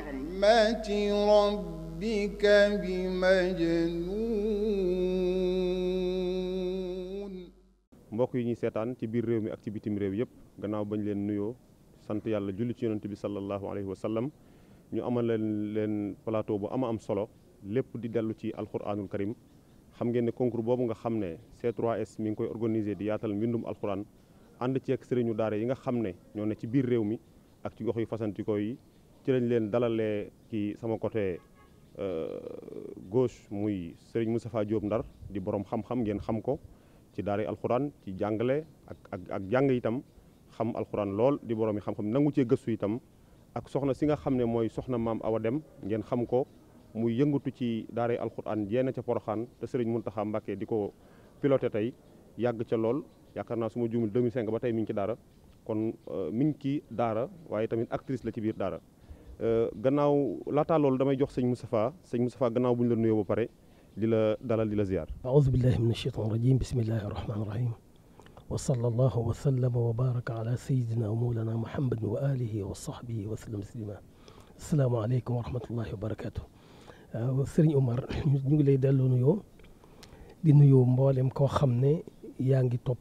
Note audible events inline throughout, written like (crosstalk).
رحمة ربك بمجنون mbokk yi ñuy seetaan ci biir réew mi ak ci bitim réew yëpp gannaaw bañ leen nuyoo sant yàlla julli ci yonent bi sallallahu alayhi wa sallam ñu amal leen leen plateau bu am am solo lépp di dellu ci alquranul karim xam ngeen ne concours boobu nga xam ne C3S mi ngi koy organiser di yaatal mbindum alquran ànd ceek sëriñu daare yi nga xam ne ñoo ne ci biir réew mi ak ci gox yi fasantikoo yi ci lañ leen dalalee ci sama côté euh, gauche muy Serigne Moustapha Diop Ndar di borom xam-xam ngeen xam ko ci daara alxuraan ci jàngale ak ak ak jàng itam xam alxuraan lool di borom yi xam-xam nangu cee gëstu itam ak soxna si nga xam ne mooy soxna maam Awa Dem ngeen xam ko muy yëngatu ci daara alxuraan jeena ca Poroxaan te Serigne Mountakha Mbacké di ko piloté tey yàgg ca lool yaakaar naa su ma juumul 2005 ba tey mi ngi ci daara kon euh, mi ngi ci daara waaye tamit actrice la ci biir daara. Euh, gannaaw laataa loolu damay jox sëñ Moustapha sëñ Moustapha gannaaw bu ñu la nuyoo ba pare di la dalal di la ziar. aoudu billahi min ashaitan rajim bismillahi rahmani rahim wa sallallahu wa sallama wa baraka euh, ngi lay delloo nuyo di nuyoo mboolem ko xam ne yaa ngi topp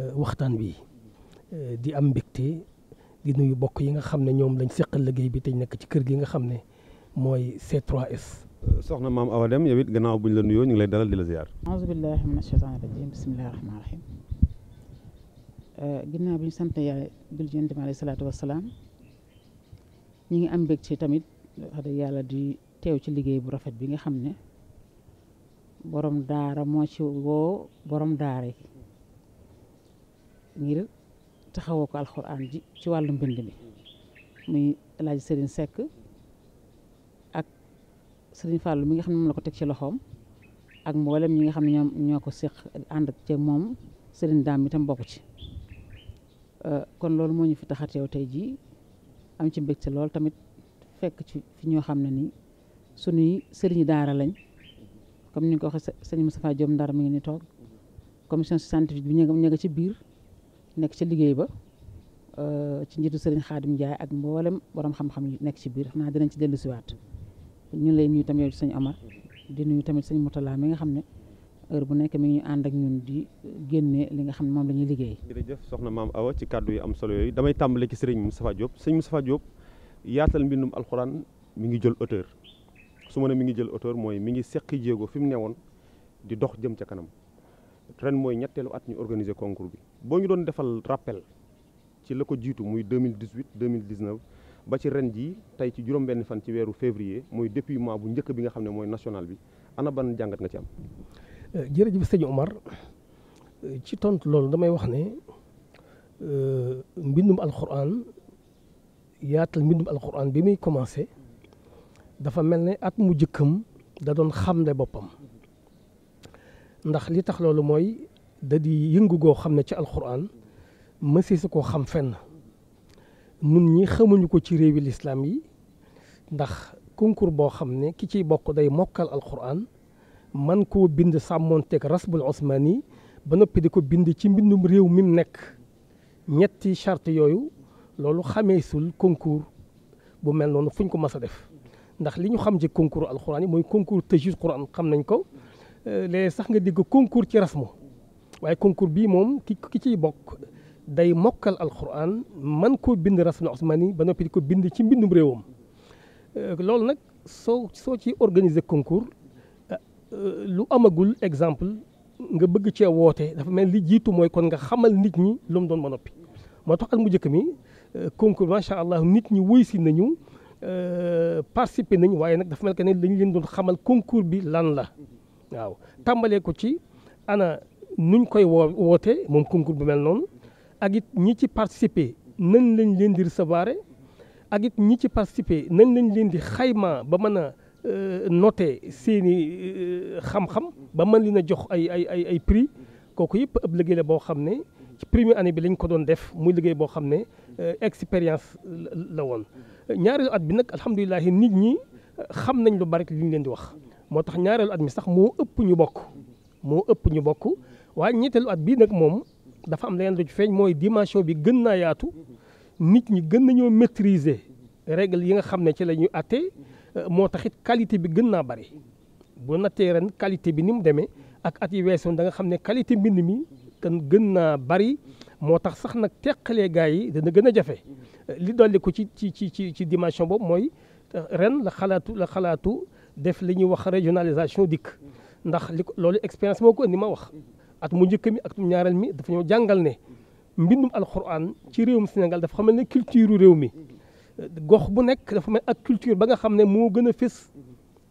euh, waxtaan bi di am di nuyu bokk yi nga xam ne ñoom lañ seqal liggéey bi te nekk ci kër gi nga xam ne mooy C3S. soxna maam Awa Deme yow ñu ngi lay dalal di la ziar. auzu billahi mina shaytaani rajim bismillahi eh, ginnaaw bi ñu sant yàlla jul ci yonent ngi am mbég ci tamit dëgg yàlla di teew ci liggéey bu rafet bi nga xam ne borom daara moo ci woo borom daara yi ngir taxawoo ko alxuraan ji ci wàllu mbind mi muy El Hadj Serigne ak Serigne Fallou mi nga xam ne moom la teg ci loxoom ak mboolem ñi nga xam ne ñoom ñoo ko seq ànd ak ceeg moom Serigne Dame itam bokku ci. Euh, kon loolu moo ñu fi tax a teew tey jii am ci mbégte lool tamit fekk ci fi ñoo xam ne nii sunuy sëriñ daara lañ comme ni ñu ko waxee sëñ Moustapha Diom Ndar mi ngi ni toog commission scientifique bi ñu nga ci biir. nekk ci liggéey ba euh, ci njiitu sëriñ Xaadim Ndiaye ak mboolem borom xam-xam yi nekk ci biir xam naa dinañ ci dellu siwaat ñu lay nuyu tamit yow sëñ Omar di nuyu tamit sëñ Moutala mi nga xam ne heure bu nekk mi ngi ànd ak ñun di génne li nga xam ne moom lañuy ñuy liggéey. jërëjëf soxna maam Awa ci kàddu yu am solo yooyu damay tàmbale ci sëriñ Moustapha Diop sëñ Moustapha Diop yaatal mbindum alxuraan mi ngi jël auteur su ma ne mi ngi jël auteur mooy mi ngi seqi jéego fi mu woon di dox jëm ca kanam ren mooy ñetteelu at ñu organiser concours bi boo ñu doon defal rappel ci la ko jiitu muy 2018 2019 ba ci ren ji tey ci juróom-benn fan ci weeru février mooy dépouillement bu njëkk bi nga xam ne mooy national bi ana ban jàngat nga ci am. Euh, jërëjëf sëñ Omar euh, ci tontu loolu damay wax ne euh, mbindum alxuraan yaatal mbindum alxuraan bi muy commencé dafa mel ne at mu jëkkam da doon xamle boppam. ndax li tax loolu mooy da di yëngu goo xam ne ci alxuraan mësee si koo xam fenn mun ñi xamuñu ko ci réewi lislaam yi ndax concours boo xam ne ki ciy bokk day mokkal alxuraan man koo bind sàmmoonteeg rasbul osmani ba noppi di ko bind ci mbindum réew mi mu nekk ñetti charte yooyu loolu xameesul concours bu mel noonu fuñ ko mas a def ndax li ñu xam ci concours alxuraan yi mooy concours tajwid quran xam nañ ko Euh, léeg sax nga dégg concours ci rasmu waaye concours bii moom ki ki ciy bokk day mokkal alquran man koo bind rasmu osmani ba noppi di ko bind ci mbindum réewam euh, loolu nag soo soo ci organiser concours euh, lu amagul exemple nga bëgg cee woote dafa mel li jiitu mooy kon nga xamal nit ñi lu doon ba noppi moo tax at mu njëkk mi concours macha allah nit ñi wuy si nañu participer nañu waaye nag dafa mel que ne dañu leen doon xamal concours bi lan la waaw tàmbalee ko ci ana nuñ koy woo woote moom concours bu mel noonu ak it ñi ci participer nan lañ leen di recevoir ak it ñi ci participer nañ lañ leen di xayma ba mën a euh, noter seen i euh, xam-xam ba mën leen a jox ay ay ay ay prix kooku yëpp ab liggéey la boo xam ne ci première année bi lañ ko doon def muy liggéey boo xam ne euh, expérience la woon ñaareelu at bi nag alhamdulilah nit ñi xam nañ lu bari li ñu leen di wax. moo tax ñaareelu at mi sax moo ëpp ñu bokk moo ëpp ñu bokk waaye ñetteelu at bii nag moom dafa am leneen lu ci feeñ mooy dimension bi gën naa yaatu nit ñi gën nañoo maîtriser règle yi nga xam ne ci la ñuy attee moo taxit qualité bi gën naa bari bu nattee ren qualité bi ni mu demee ak at yi weesoon da nga xam ne qualité mbind mi kan gën naa bari moo tax sax nag teqalee gaa yi dana gën a jafe li dolli ko ci ci ci ci dimension boobu mooy ren la xalaatu la xalaatu def li ñuy wax régionalisation dikk ndax li ko loolu expérience boo ko indi ma wax at mu njëkk mi ak mu ñaareel mi dafa ñoo jàngal ne mbindum alxuraan ci réewum Sénégal dafa xamal ne culture réew mi gox bu nekk dafa mel ak culture ba nga xam ne moo gën a fës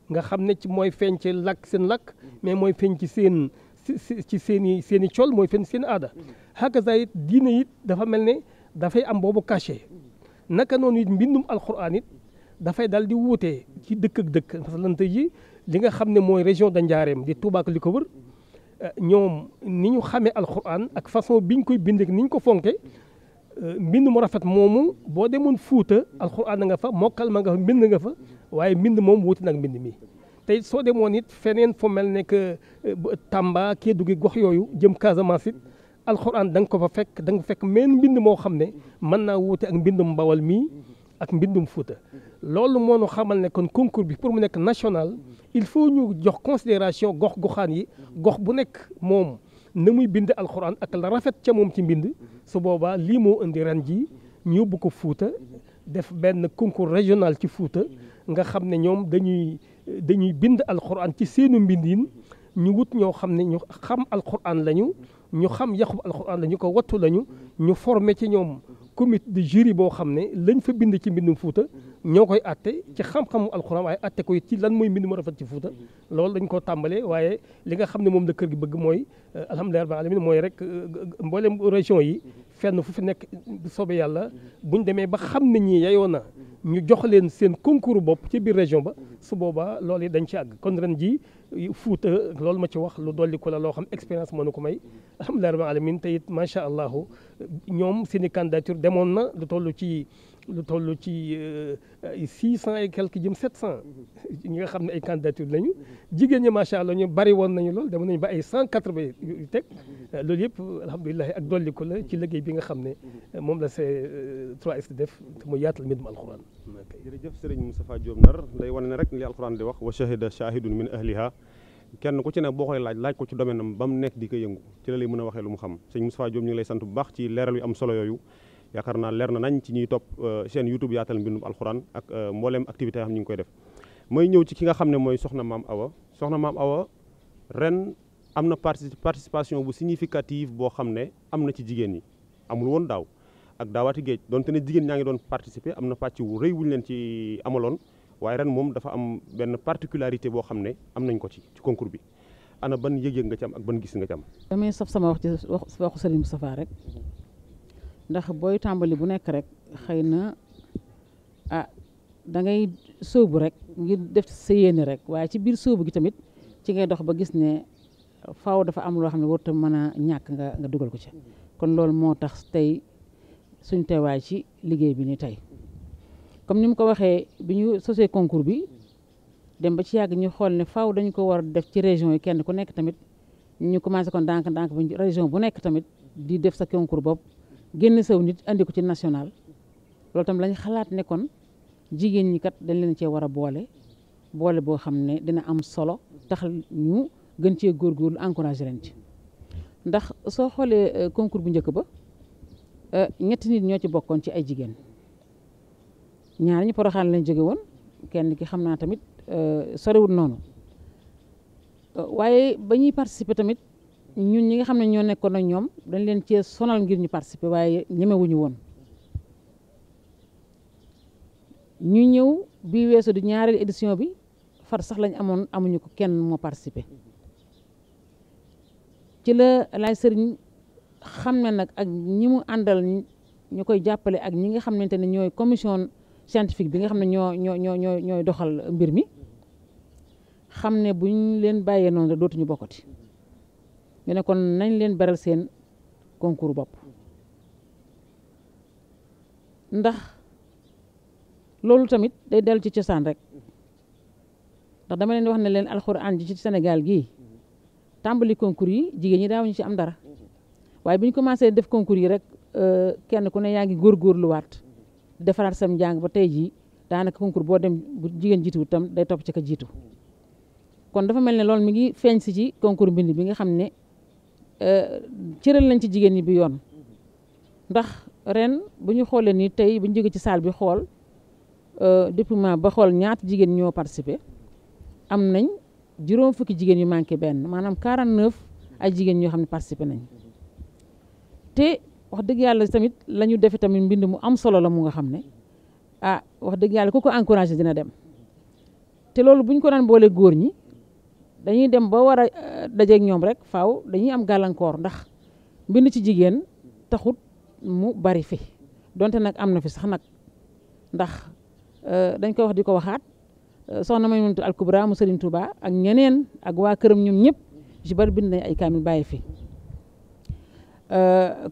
nga xam ne ci mooy feeñ ci làkk seen lakk mais mooy feeñ ci seen ci seen i seen col mooy feeñ seen aada hakaza it diine it dafa mel ne dafay am boobu cachet naka noonu it mbindum alxuraan it dafay dal di wuute ci dëkk dëkk parce ji li nga xam ne mooy région de Ndiarème di Touba ak li ko wër eh, ñoom ni ñu xamee alxuraan ak façon biñ koy bind ak ni ñu ko fonke eh, mbind mu rafet moomu boo demoon Fuuta alxuraan nga fa mokkal ma nga fa mbind nga fa waaye mbind moom wuuti nag mbind mi tey soo demoon it feneen fo mel ne que eh, Tamba Kédougou gox yooyu jëm Casamance it alxuraan dang ko fa fekk da nga fekk meen mbind moo xam ne mën naa wuute ak mbindum Bawal mii ak mbindum Fuuta loolu moo ñu xamal ne kon concours bi pour mu nekk national il faut ñu jox considération gox goxaan yi gox bu nekk moom na muy bind alxuraan ak la rafet ca moom ci mbind su boobaa lii moo indi ren ji ñu yóbbu ko Fuuta def benn concours régional ci Fuuta nga xam ne ñoom dañuy dañuy bind alxuraan ci seenu yi ñu wut ñoo xam ne ñu xam alxuraan lañu ñu xam yaqub alxuraan la ñu ko wattu lañu ñu formé ci ñoom comité de jury boo xam ne lañ fa bind ci mbindum Fuuta ñoo koy atte ci xam-xamu alxuraan waaye atte ko ci lan mooy mbind mu rafet ci Fuuta mhm. loolu dañ koo tàmbalee waaye li nga xam ne moom la kër gi bëgg mooy euh, alhamdulilah rabbil alamin mooy rek euh, mboolem région yi mhm. fenn fu fi nekk soobee yàlla mhm. buñ demee ba xam ne ñi yayoo na ñu jox leen seen concours bopp ci biir région ba su boobaa loolu dañ ci àgg kon ren ji euh, Fuuta loolu ma ci wax lu dolli ko la loo xam expérience mënu ko may alhamdulilah rabbil alamin te it macha allah ñoom seen i candidature demoon na lu toll ci. lu toll ci ay euh, six cent et quelque jëm cent mhm. ñi nga xam ne ay candidature lañu mhm. jigéen ñi macha allah ñu bari woon nañu lool dem nañu ba ay cent quatre vingt yu teg mhm. euh, loolu yëpp alhamdulilah ak ko la ci liggéey bi nga xam ne moom la C3S e, euh, def te mu yaatal mbindum alquran. jërëjëf Serigne wane ne rek li alquran di wax wa shahida shahidun min ahliha kenn ku ci ne boo koy laaj laaj ko ci domaine am nekk di ko yëngu ci la lay mën a waxee lu mu xam sëñ Moustapha Diop ñu ngi lay sant bu baax ci leeral yu am solo yaakaar naa leer na nañ ci ñuy topp euh, chaîne YouTube yaatal mbindum alxuraan ak euh, mbooleem activité yoo ñu ngi koy def mooy ñëw ci ki nga xam ne mooy soxna maam Awa soxna maam Awa ren am na participation bu significative boo xam ne am na ci jigéen ñi amul woon daaw ak daawaati géej donte ne jigéen ñaa ngi doon participer am na pàcc wu rëy wuñ leen ci amaloon waaye ren moom dafa am benn particularité boo xam ne am nañ ko ci ci concours bi ana ban yëg-yëg nga ci am ak ban gis nga ci am. damay sama wax ci waxu Serigne Moustapha rek. Mhm. ndax booy tàmbali bu nekk rek xëy na dangay ah, da rek ngir def sa yéene rek waaye ci biir soobu gi tamit ci ngay dox ba gis ne faaw dafa am loo xam ne warut a mën a ñàkk nga dugal ko ci kon loolu moo tax tey suñ teewaay ci liggéey bi ni tey comme ni mu ko waxee bi ñu sosee concours bi dem ci yàgg ñu xool ne faaw dañu ko war a def ci région yi kenn ku nekk tamit ñu commencé kon ndànk ndànk bi région bu nekk tamit di def sa concours bopp génn saw nit andi ko ci national lool tam lañ xalaat ne kon jigéen ñi kat dañ leen cee war a boole boole boo xam ne dina am solo tax ñu gën cee góor góorgóorlu encouragé leen ci ndax soo xoolee euh, concours bu njëkk ba euh, ñetti nit ñoo ci bokkoon ci ay jigéen ñaar ñi poroxaan lañ jóge woon kenn ki xam naa tamit euh, sorewul noonu waaye ba ñuy participer tamit ñun ñi nga xam ne ñoo nekkoon ak ñoom dañ leen cee sonal ngir ñu participer waaye ñemewuñu woon ñu ñëw bii weesu di ñaareelu édition bi far sax lañ amoon amuñu ko kenn moo participer ci la lay sëriñ xam ne nag ak ñi mu àndal ñu koy jàppale ak ñi nga xamante ne ñooy commission scientifique bi nga xam ne ñoo ñoo ñoo ñooy doxal mbir mi xam ne buñ leen bàyyee noonu rek dootuñu bokkati ñu ne nañ leen beral seen concours bopp ndax loolu tamit day dellu ci cosaan rek ndax dama leen wax ne leen alxuraan ji ci Sénégal gii tàmbali concours yi jigéen ñi daawuñu ci am dara waaye bi ñu commencé def concours yi rek euh, kenn ku ne yaa ngi góorgóorluwaat defaraat sam njàng ba tey jii daanaka concours boo dem bu jigéen jiituwul tam day topp ci ka jiitu kon dafa mel ne loolu mi ngi feeñ si ci concours mbind bi nga xam ne Euh, cëral nañ ci jigéen ñi bi yoon ndax ren bu ñu xoolee nii tey bu ñu jógee ci saal bi xool euh, département ba xool ñaata jigéen ñoo participé am nañ juróom fukki jigéen yu manqué benn maanaam 49 ay jigéen ñoo xam ne participé nañ te wax dëgg yàlla tamit lañu defee tamit mbind mu am solo la mu nga xam ne ah wax dëgg yàlla ku ko encouragé dina dem te loolu bu ñu ko daan boole góor ñi dañuy dem ba war a euh, dajeeg ñoom rek faw dañuy am gàllankoor ndax mbind ci jigéen taxut mu bari fi donte nag am na fi sax nag ndax euh, dañ koy wax di ko waxaat euh, soxna may mëntu alkubra mu Serigne Touba ak ñeneen ak waa këram ñoom ñëpp ci bari bind nañ ay kaamil bàyyi fi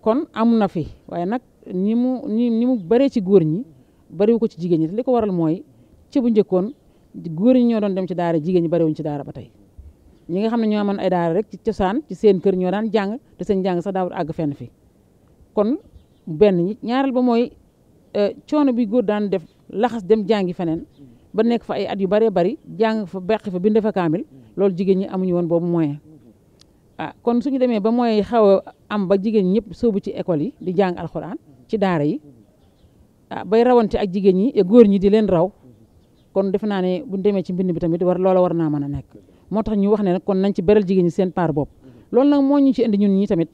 kon am na fi waaye nag ni mu ni ni mu baree ci góor ñi bariwu ko ci jigéen ñi te li ko waral mooy ci bu njëkkoon góor ñi ñoo doon dem ci daara jigéen ñi bariwuñ ci daara ba tey ñi nga xam ne ñoo amoon ay daara rek ci cosaan ci seen kër ñoo daan jàng te seen jàng sax daawul àgg fenn fi kon benn ñaareel ba mooy euh, coono bi góor daan def laxas dem jàngi feneen ba nekk fa ay at yu bëree bari jàng fa beq fa bind fa kaamil loolu jigéen ñi amuñu woon boobu moyen ah kon suñu demee ba mooy yi xaw a am ba jigéen ñëpp sóobu ci école yi di jàng alxuraan ci daara yi ah bay rawante ak jigéen ñi góor ñi di leen raw kon defe naa ne buñ demee ci mbind bi tamit war loola war naa mën a nekk moo tax ñu wax ne nag kon nañ ci beral jigéen ñi seen part bopp loolu nag moo ñu ci indi ñun ñi tamit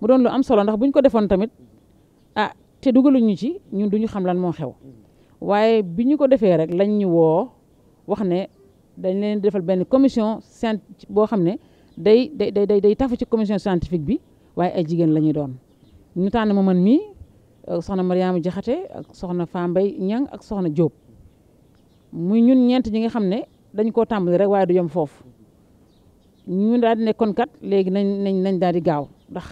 mu doon lu am solo ndax bu ñu ko defoon tamit ah te dugaluñu ci ñun duñu xam lan moo xew waaye bi ñu ko defee rek lañ ñu woo wax ne dañ leen defal benn commission scienti boo xam ne day day day day tafu ci commission scientifique bi waaye ay jigéen la ñuy doon ñu tànn ma man mii soxna Mariama Jaxate ak soxna Fambay Ñang ak soxna Jóob muy ñun ñeent ñi nga xam ne dañ koo tàmbali rek waaye du yem foofu ñu daal di nekkoon kat léegi nañ nañ nañ daal di gaaw ndax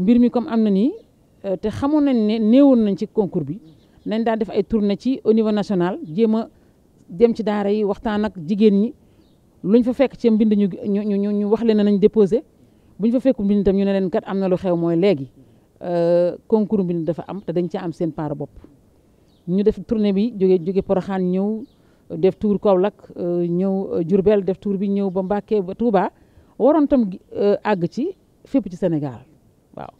mbir mi comme am na nii euh, te xamoon nañ ne néewoon nañ ci concours bi nañ daal def ay tournée ci au niveau national jéem a dem ci daara yi waxtaan ak jigéen ñi luñ fa fekk ci mbind ñu ñu ñu ñu wax leen ne nañ déposé buñ fa fekk mbind tam ñu ne leen kat am na lu xew mooy léegi euh, concours mbind dafa am te dañ caa am seen part bopp ñu def tournée bi jóge jóge xaan ñëw. def tuur Kaolack euh, ñëw euh, Diourbel def tuur bi ñëw ba Mbacké ba Touba waroon tam euh, àgg ci fépp ci senegal waaw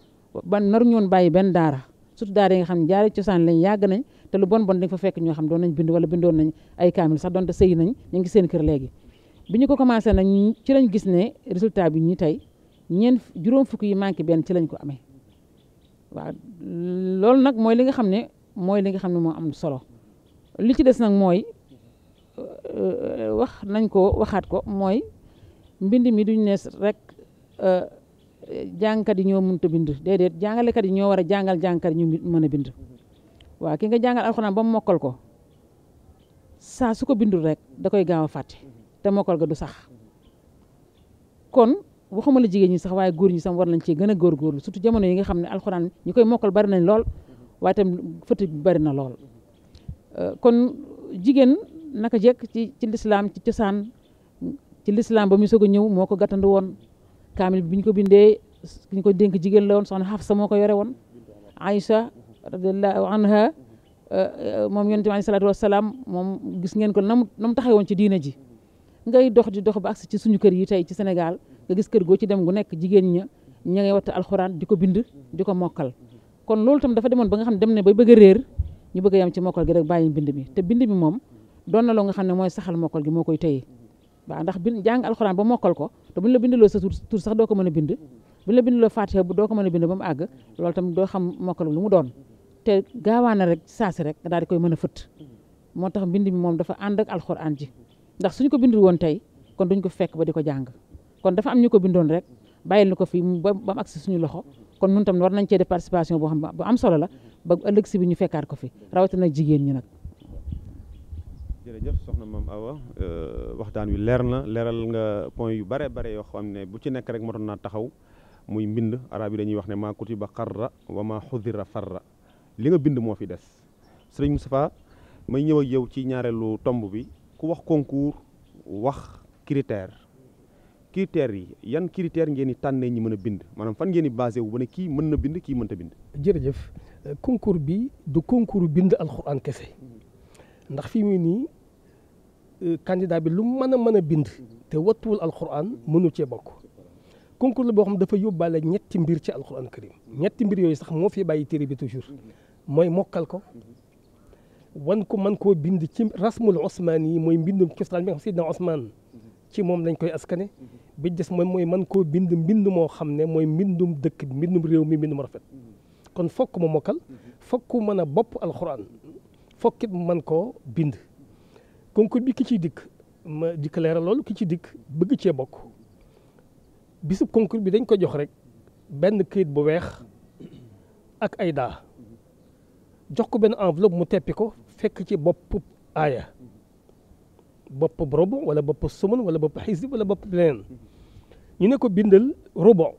ban nar ñoon bàyyi benn daara surtout daara yi nga xam ne jaare cosaan lañ yàgg nañ te lu bon bon dañ fa fekk ñoo xam doon nañ bind wala bindoon nañ ay kaamil sax doon te sëy nañ ñu ngi seen kër léegi bi ñu ko commencé nag ci lañ gis ne résultat bi ñi tey ñeen juróom fukk yi manqué benn ci lañ ko amee waaw loolu nag mooy li nga xam ne mooy li nga xam ne moo am solo li ci des nag mooy Euh, wax nañ ko waxaat ko mooy mbind mi duñ ne rek euh, jàngkat yi ñoo mënut bind déedéet jàngalekat yi ñoo war a jàngal jàngkat yi ñu mën a bind waaw ki nga jàngal alxuraan ba mu mokkal ko saa su ko bindul rek da koy gaaw a fàtte te mokkal ga du sax kon waxuma la jigéen ñi sax waaye góor ñi sax war nañ cee gën a góorgóorlu surtout jamono yi nga xam ne alxuraan ñi koy mokkal bari nañ lool waaye itam fëtt bari na lool euh, kon jigéen naka jekk ci ci lislaam ci cosaan ci lislaam ba mu soog ñëw moo ko gàttandu woon kaamil bi ñu ko bindee ñu ko dénk jigéen la woon soxna sa moo ko yore woon Aïcha radiallahu anha euh, euh, moom yonent bi alayhi salaatu wasalaam moom gis ngeen ko na mu na mu ci diina ji ngay dox di dox ba agsi ci suñu kër yi tey ci senegal nga gis kër goo ci dem gu nekk jigéen ña ña ngay watta alxuraan di ko bind di ko mokkal kon loolu tam dafa demoon ba nga xam ne dem ne ba bëgg a réer ñu bëgg yam ci mokkal gi rek bàyyi mbind mi te bind mi doon na loo nga xam ne mooy saxal mokkal gi moo koy téye waaw ndax bind jàng alxuraan ba mokkal ko te buñ la bindaloo sa tur sax doo ko mën a bind buñ la bindaloo fatiha bu doo ko mën a bind ba mu àgg loolu tam doo xam mokkal lu mu doon te gaawaa na rek saasi rek daal di koy mën a fëtt moo tax mbind mi moom dafa ànd ak alxuraan ji ndax suñ ko bindul woon tey kon duñ ko fekk ba di ko jàng kon dafa am ñu ko bindoon rek bàyyil ni ko fi ba mu agsi suñu loxo kon nun tam war nañ cee def participation boo xam bu am solo la ba ëllëg bi ñu fekkaat ko fi rawatina jigéen ñi nag jërëjëf soxna maam Awa euh, waxtaan wi leer na leeral nga point yu bare bare yoo xam ne bu ci nekk rek motoon naa taxaw muy mbind arab yi dañuy wax ne maa kutiba xarra wa maa xudira farra li nga bind moo fi des sëriñ Moustapha may ñëw ak yow ci ñaareelu tomb bi ku wax konkuur wax critère critères yi yan critère ngeen di tànnee ñi mën a bind maanaam fan ngeen di basé wu ba ne kii mën na bind kii mënta bind jërëjëf euh, concours bi du konkuur bind alxuraan kese ndax candidat bi lu mën a mën a bind te wattuwul alxuraan mënu cee bokk concours la boo xam dafa yóbbaale ñetti mbir ci alxuraan karim ñetti mbir yooyu sax moo fi bàyyi téere bi toujours mooy mokkal ko wan ko mën koo bind ci rasmul osmaan mooy mbindum cosaan bi nga ci moom lañ koy askane bi des moom mooy man koo bind mbind moo xam ne mooy mbindum dëkk bi mbindum réew mi mbindum rafet kon fokk mu mokkal fokk mën a bopp alxuraan fokkit mu mën koo bind concours bi ki ciy dikk ma dikk leeral loolu ki ci dikk bëgg cee bokk bisu concours bi dañ ko jox rek benn këyit bu weex ak ay daa jox ko benn enveloppe mu teppi ko fekk ci bopp aaya bopp robo wala bopp sumun wala bopp xisib wala bopp leneen ñu ne ko bindal robo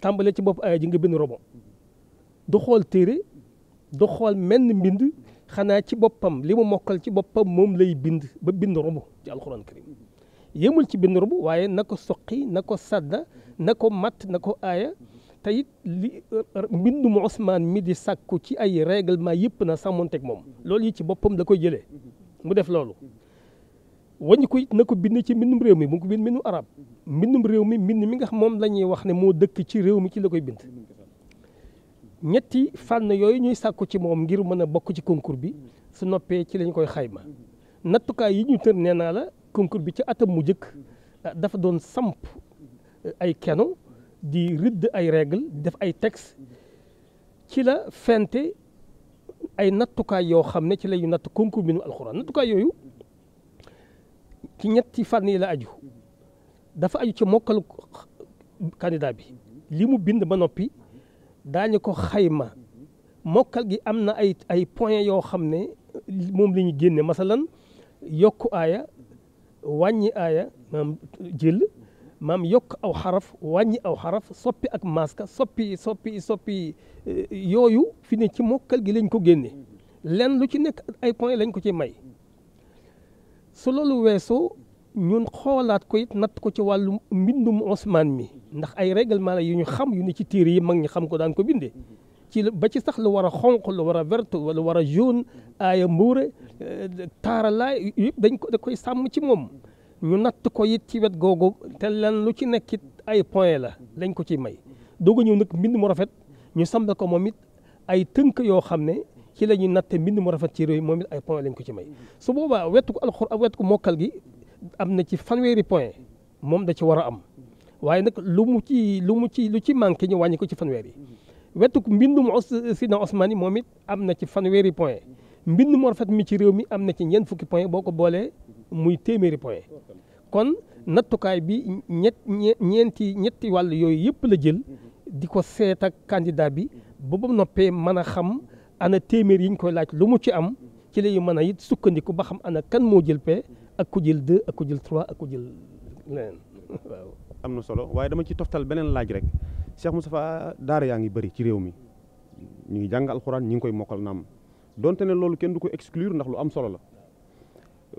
tàmbale ci bopp aaya ji nga bind robo du xool téere du xool menn mbind xanaa ci boppam li mu mokkal ci boppam moom lay bind ba bind rubu ci alxuraan karim yemul ci bind rubu waaye na soqi na ko sadda na ko matt na ko aaya te it li er, er, mbindum Ousmane mi di sàkku ci ay règlement yëpp na sàmmonteeg moom loolu yi ci boppam la koy jëlee mu def loolu wañ ko it bind ci mbindum réew mi mu ko bind mbindum arab mbindum réew mi mbind mi nga xam moom la ñuy wax ne moo dëkk ci réew mi ci la koy bind ñetti fànn yooyu ñuy sàkku ci moom ngir mën a bokk ci konkur bi su noppee ci lañu koy xayma nattukaay yi ñu tër nee naa la konkur bi ci atam mu njëkk ah, dafa doon samp eh, ay keno di rëdd ay regl def ay texte ci la fente ay nattukaay yoo xam ne ci la natt concours bi nu alxuraan nattukaay yooyu ci ñetti fànn yi la aju dafa aju ci mokkalu eh, candidat bi li mu bind ba noppi daañu ko xayma mokkal gi am na ay ay point yoo xam ne moom la ñu génne masalan yokk aaya wàññi aaya maam jël maam yokk aw xaraf wàññi aw xaraf soppi ak maska soppi soppi soppi eh, yooyu fi ne ci mokkal gi lañ ko génne lenn lu ci nekk ay point lañ ko ci may su loolu weesoo ñun xoolaat ko it natt ko ci wàllu mbindum Ousmane mi ndax ay règlement la yu ñu xam yu ne ci téere yi mag ñi xam ko daan ko bindee ci la ba ci sax lu war a xonq lu war a vert lu war a jaune aaya mbuure taaralaay yëpp dañ ko da koy sàmm ci moom ñu natt ko it ci wet googu te lan lu ci nekk it ay point la lañ ko ci may doog a ñëw nag mbind mu rafet ñu sàmm ko moom it ay tënk yoo xam ne ci la ñu natte mbind mu rafet ci réew moom it ay point lañ ko ci may su boobaa wetu ko alxur ak ko mokkal gi am na ci fanweeri point moom da ci war a am waaye nag lu mu ci lu mu ci lu ci manqué ñu wàññi ko ci fanweeri wetu mbindum os sidna Osmaan yi moom it am na ci fanweeri point mbindum rafet mi ci réew mi am na ci ñeent fukki point boo ko boolee muy téeméeri point kon nattukaay bi ñett ñeenti ñetti wàll yooyu yëpp la jël di ko seeta ak bi ba ba noppee mën a xam ana téeméer yi ñu koy laaj lu mu ci am ci lañu mën a it sukkandiku ba xam ana kan moo jël ak ku jël deux ak ku jël trois ak ku jël leneen (laughs) waaw. am na solo waaye dama ci toftal beneen laaj rek Cheikh Moustapha daara yaa ngi bari ci réew mi ñu ngi jàng alxuraan ñu ngi koy mokkal naam donte ne loolu kenn du ko exclure ndax lu am solo la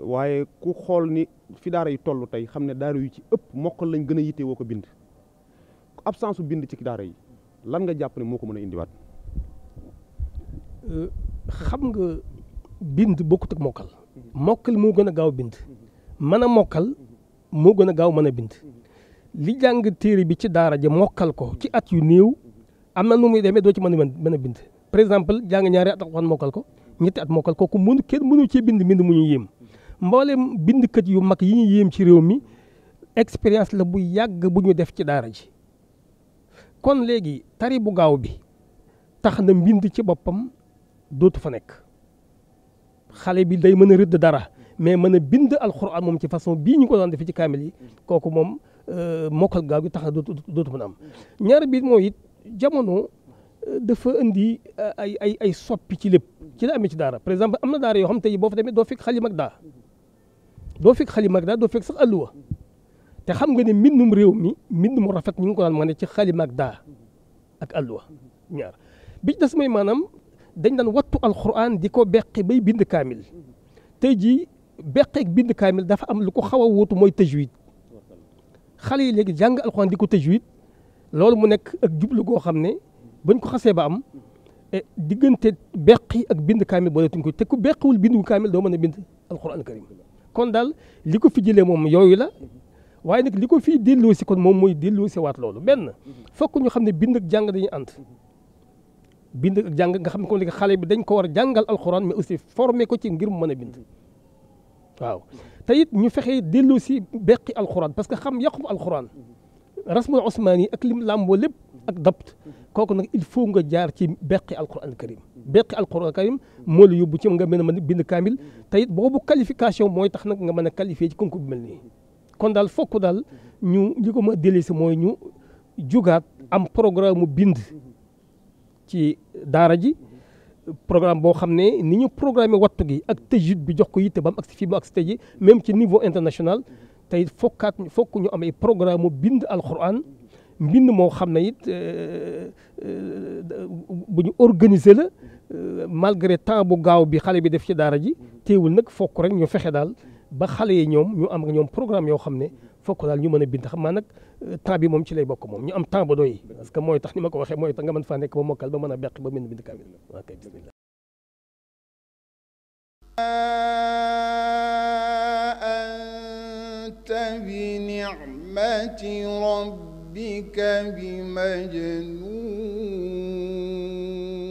waaye ku xool ni fi daara yi toll tey xam ne daara yu ci ëpp mokkal lañ gën a yitte woo ko bind absence su bind ci daara yi lan nga jàpp ne moo ko mën a indiwaat. Euh, xam nga bind bokkut ak mokkal. mokkal moo gën a gaaw bind mën a mokkal moo gën a gaaw mën a bind li jàng téere bi ci daara ja mokkal ko ci at yu néew am na nu muy demee doo ci mën a mën a bind par exemple jàng ñaari at mokkal ko ñetti at mokkal ko mënu kenn mënu cee bind mbind mu ñu yéem mbooleem bindkat yu mag yi ñu yéem ci réew mi expérience la bu yàgg bu ñu def ci daara ji kon léegi tari bu gaaw bi tax na mbind ci boppam dootu fa nekk xale bi day mën a rëdd dara mais mën a bind alxuraan moom ci façon bii ñu ko doon defee ci kaamil kooku moom euh, mokkal gaaw gi tax na dootu dootu mën am. ñaar bi moo it jamono euh, dafa indi euh, ay ay ay soppi ci lépp ci la amee ci daara par exemple am na daara yoo xam tey boo fa demee doo fekk xali mag daa doo fekk xali mag daa doo fekk sax alluwa te xam nga ne mbindum réew mi mbind mu rafet ñu ngi ko daan mën a ci xali mag daa ak alluwa ñaar bi des mooy maanaam. dañ daan wattu alxuraan di ko beqi bay bind kaamil tey jii beqeeg bind kaamil dafa am lu ko xaw a wóotu mooy tajwid xale yi léegi jàng alxuraan di ko tajwid loolu mu nekk ak jublu goo xam ne bañ ko xasee ba am eh, diggante beqi ak bind kaamil booleetuñ ko te ku beqiwul bindu kaamil doo man a bind alxuraan karim kon daal li ko fi jëlee moom yooyu la waaye nag li ko fii delloo si kon moom mooy delloo si waat loolu benn fokk ñu xam ne bind ak jàng dañuy ànd bind ak jàng nga xam ne léegi xale bi dañ ko war a jàngal alxuraan mais aussi former ko ci ngir mu mën a bind waaw te it ñu fexe dellu si beqi alxuraan parce que xam yàqu alxuraan rasmul osmaan yi ak lim làmboo lépp ak dapt kooku nag il faut nga jaar ci beqi alxuraan karim beqi alxuraan karim moo la yóbbu ci nga mën a mën a bind kaamil te it boobu qualification mooy tax nag nga mën a qualifié ci concours bi mel ni kon daal fokk daal ñu li ko ma dellu si mooy ñu jugaat am programme mu bind ci daara ji programme boo xam ne ni ñu programme wattu gi ak tëjit bi jox ko yitte ba mu agsi fii mu agsi tey même ci niveau international tey fokkaat fokk ñu amee ay programme mu bind alxuraan mbind moo xam ne it euh, euh, bu ñu organiser la euh, malgré temps bu gaaw bi xale bi def ci daara ji teewul nag fokk rek ñu fexe daal ba xale yi ñoom ñu am ñoom programme yoo xam ne fokk daal ñu mën a bind xam maa nag temps bi moom ci lay bokk moom ñu am temps ba doy parce que mooy tax ni ma ko waxee mooy tax nga mën faa nekk ba mokkal ba mën a beq ba mën bind kaamil waa kay bismillah anta bi ni'mati rabbika bi majnun